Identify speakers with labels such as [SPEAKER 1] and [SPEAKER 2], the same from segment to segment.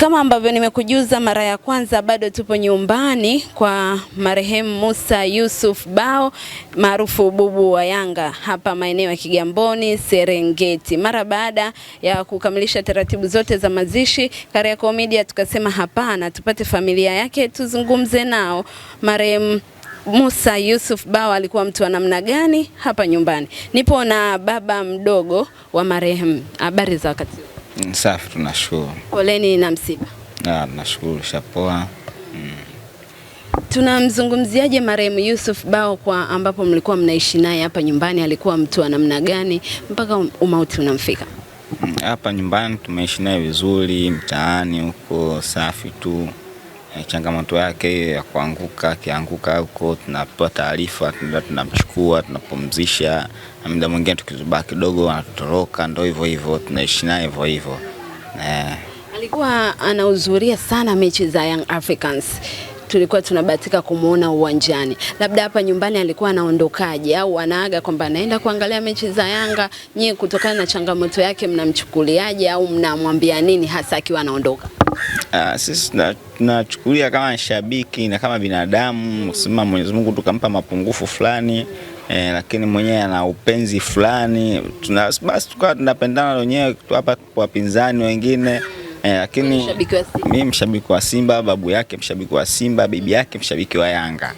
[SPEAKER 1] Kama ambavyo nimekujuza mara ya kwanza, bado tupo nyumbani kwa marehemu Musa Yusuf Bao maarufu Bubu wa Yanga hapa maeneo ya Kigamboni Serengeti. Mara baada ya kukamilisha taratibu zote za mazishi, Kariakoo Media tukasema hapana, tupate familia yake tuzungumze nao. Marehemu Musa Yusuf Bao alikuwa mtu wa namna gani hapa nyumbani? Nipo na baba mdogo wa marehemu. Habari za wakati
[SPEAKER 2] Mm, safi, tunashukuru.
[SPEAKER 1] Poleni na msiba.
[SPEAKER 2] Ah, nashukuru shapoa. Mm.
[SPEAKER 1] Tunamzungumziaje marehemu Yusuf Bao kwa ambapo mlikuwa mnaishi naye hapa nyumbani, alikuwa mtu wa namna gani mpaka umauti unamfika?
[SPEAKER 2] Mm, hapa nyumbani tumeishi naye vizuri, mtaani huko safi tu. Eh, changamoto yake ya kuanguka, akianguka huko tunapewa taarifa, tunamchukua, tunapumzisha, na muda mwingine tukizubaa kidogo anatutoroka, ndo hivyo hivyo tunaishi naye hivyo hivyo.
[SPEAKER 1] Eh. Alikuwa anahudhuria sana mechi za Young Africans tulikuwa tunabahatika kumuona uwanjani. Labda hapa nyumbani alikuwa anaondokaje au anaaga kwamba anaenda kuangalia mechi za Yanga? Nyie kutokana na changamoto yake mnamchukuliaje au mnamwambia nini hasa akiwa anaondoka?
[SPEAKER 2] Ah, sisi tunachukulia kama shabiki na kama binadamu, kusema Mwenyezi Mungu tukampa mapungufu fulani eh, lakini mwenyewe ana upenzi fulani, tuna basi tukawa tunapendana wenyewe hapa kwa wapinzani wengine eh, lakini mimi mshabiki wa Simba, babu yake mshabiki wa Simba, bibi yake mshabiki wa Yanga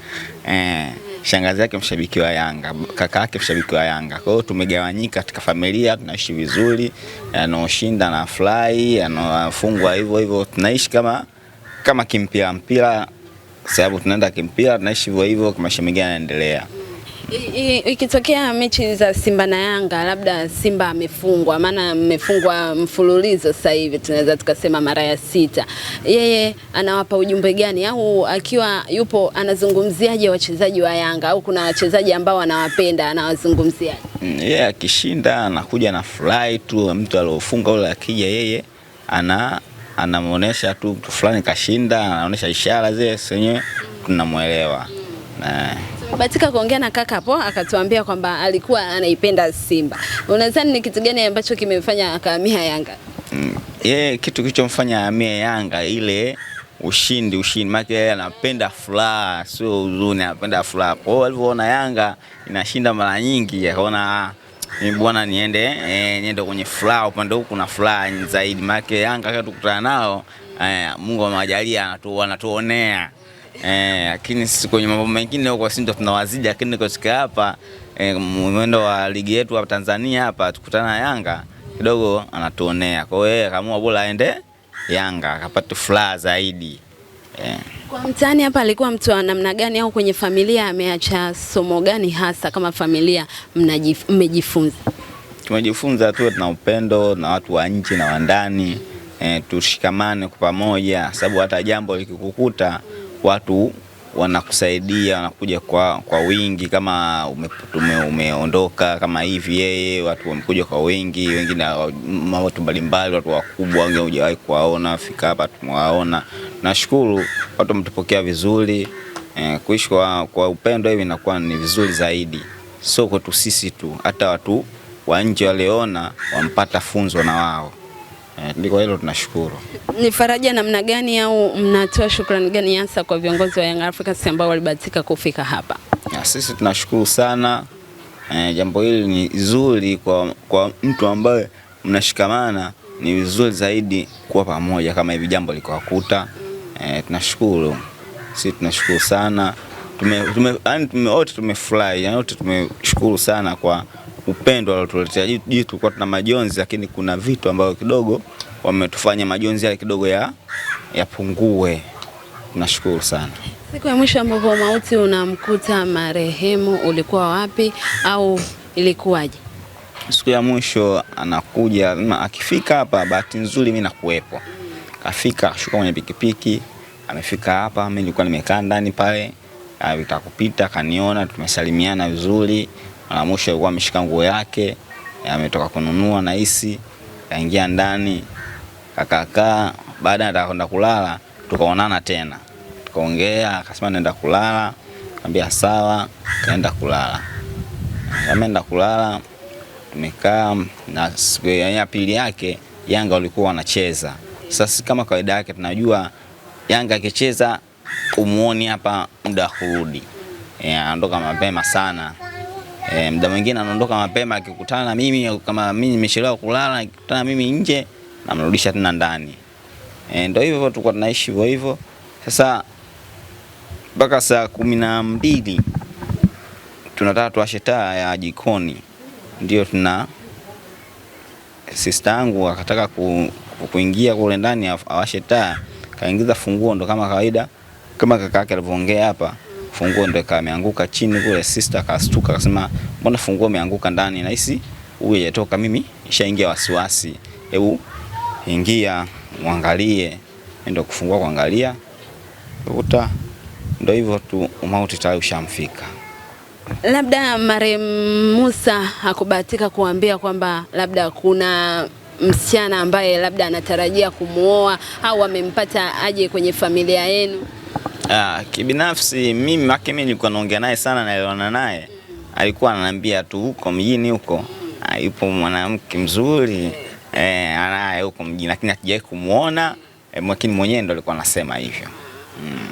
[SPEAKER 2] eh shangazi yake mshabiki wa Yanga, kaka yake mshabiki wa Yanga. Kwa hiyo tumegawanyika katika familia, tunaishi vizuri, anaoshinda na fly, anafungwa hivyo hivyo, tunaishi kama kama kimpira mpira, sababu tunaenda kimpira, tunaishi hivyo hivyo, kama maisha anaendelea
[SPEAKER 1] Ikitokea mechi za Simba na Yanga, labda Simba amefungwa, maana mmefungwa mfululizo sasa hivi tunaweza tukasema mara ya sita, yeye anawapa ujumbe gani? Au akiwa yupo anazungumziaje wachezaji wa Yanga? Au kuna wachezaji ambao anawapenda anawazungumziaje?
[SPEAKER 2] Mm, yeye yeah, akishinda anakuja na furaha tu, mtu aliofunga ule akija, yeye ana anamuonesha tu mtu fulani kashinda, anaonesha ishara zile, senyewe tunamwelewa na
[SPEAKER 1] eh. Batika kuongea na kaka hapo, akatuambia kwamba alikuwa anaipenda Simba. Unadhani ni kitu gani ambacho kimemfanya akahamia Yanga?
[SPEAKER 2] Mm, yeye kitu kilichomfanya ahamie Yanga ile ushindi, ushindi maana yeye anapenda furaha, sio huzuni, anapenda furaha. Kwa hiyo alivyoona Yanga inashinda mara nyingi, akaona mimi bwana niende eh, niende kwenye furaha, upande huku na furaha zaidi, maana Yanga kati tukutana nao eh, Mungu amewajalia anatuonea Eh, lakini sisi kwenye mambo mengine huko sisi ndo tunawazidi, lakini katika hapa eh, mwendo wa ligi yetu hapa Tanzania hapa tukutana Yanga kidogo anatuonea. Kwa hiyo akaamua bora aende Yanga akapata furaha zaidi
[SPEAKER 1] Eh. Kwa mtaani hapa alikuwa mtu wa namna gani, au kwenye familia ameacha somo gani hasa? Kama familia mmejifunza?
[SPEAKER 2] Tumejifunza tu tuna upendo na watu wa nje na wa ndani Eh, tushikamane kwa pamoja, sababu hata jambo likikukuta watu wanakusaidia wanakuja kwa, kwa wingi kama ume, umeondoka kama hivi yeye, watu wamekuja kwa wingi, wengine watu mbalimbali, watu wakubwa, wengine hujawahi kuwaona, fika hapa tumewaona. Nashukuru watu wametupokea vizuri eh, kuishi kwa, kwa upendo hivi inakuwa ni vizuri zaidi, sio kwetu sisi tu, hata watu wa nje walioona wampata funzo na wao. Eh, ndiko hilo tunashukuru.
[SPEAKER 1] Ni faraja namna gani au mnatoa shukrani gani hasa kwa viongozi wa Young Africans ambao walibahatika kufika hapa?
[SPEAKER 2] Ya, sisi tunashukuru sana e, jambo hili ni zuri kwa, kwa mtu ambaye mnashikamana ni vizuri zaidi kuwa pamoja kama hivi jambo likowakuta. E, eh, tunashukuru sisi tunashukuru sana tume, tume, yani tume, wote tumefurahi yani wote tumeshukuru sana kwa upendo alotuletea. Juu tulikuwa tuna majonzi, lakini kuna vitu ambavyo kidogo wametufanya majonzi yale kidogo ya yapungue. Nashukuru sana.
[SPEAKER 1] Siku ya mwisho ambapo mauti unamkuta marehemu ulikuwa wapi au ilikuwaje?
[SPEAKER 2] Siku ya mwisho anakuja akifika hapa, bahati nzuri mimi nakuwepo. Kafika shuka kwenye pikipiki, amefika hapa, mimi nilikuwa nimekaa ndani pale, alitaka ah, kupita, kaniona, tumesalimiana vizuri. Mara mwisho alikuwa ameshika nguo yake ametoka kununua na hisi, kaingia ndani kakakaa. Baada kwenda kulala, tukaonana tena, tukaongea, akasema naenda kulala, kaambia sawa, kaenda kulala. Ameenda kulala, tumekaa na siku ya pili yake Yanga walikuwa wanacheza. Sasa kama kawaida yake tunajua Yanga akicheza umuoni hapa muda wa kurudi, anatoka mapema sana. E, eh, mda mwingine anaondoka mapema akikutana na mimi kama mimi nimeshelewa kulala, akikutana mimi nje namrudisha tena ndani. E, ndio hivyo tulikuwa tunaishi hivyo hivyo. Sasa mpaka saa kumi na mbili tunataka tuwashe taa ya jikoni, ndio tuna sista yangu akataka ku, kuingia kule ndani awashe taa, kaingiza funguo ndo kama kawaida kama kaka yake alivyoongea hapa funguo ndo kameanguka chini kule. Sister akastuka akasema, mbona funguo imeanguka ndani? hisi huyu yetoka, mimi ishaingia wasiwasi, hebu ingia mwangalie. Ndio kufungua kuangalia, kuta ndio hivyo tu, mauti tayari ushamfika.
[SPEAKER 1] Labda marehemu Musa hakubahatika kuambia kwamba labda kuna msichana ambaye labda anatarajia kumuoa au amempata aje kwenye familia yenu?
[SPEAKER 2] Ah, kibinafsi mimi make mimi nilikuwa naongea naye sana naelewana naye. Alikuwa ananiambia tu huko mjini huko ah, yupo mwanamke mzuri eh, anaye huko mjini lakini hatujawahi kumuona, eh, lakini mwenyewe ndo alikuwa anasema hivyo. Mm.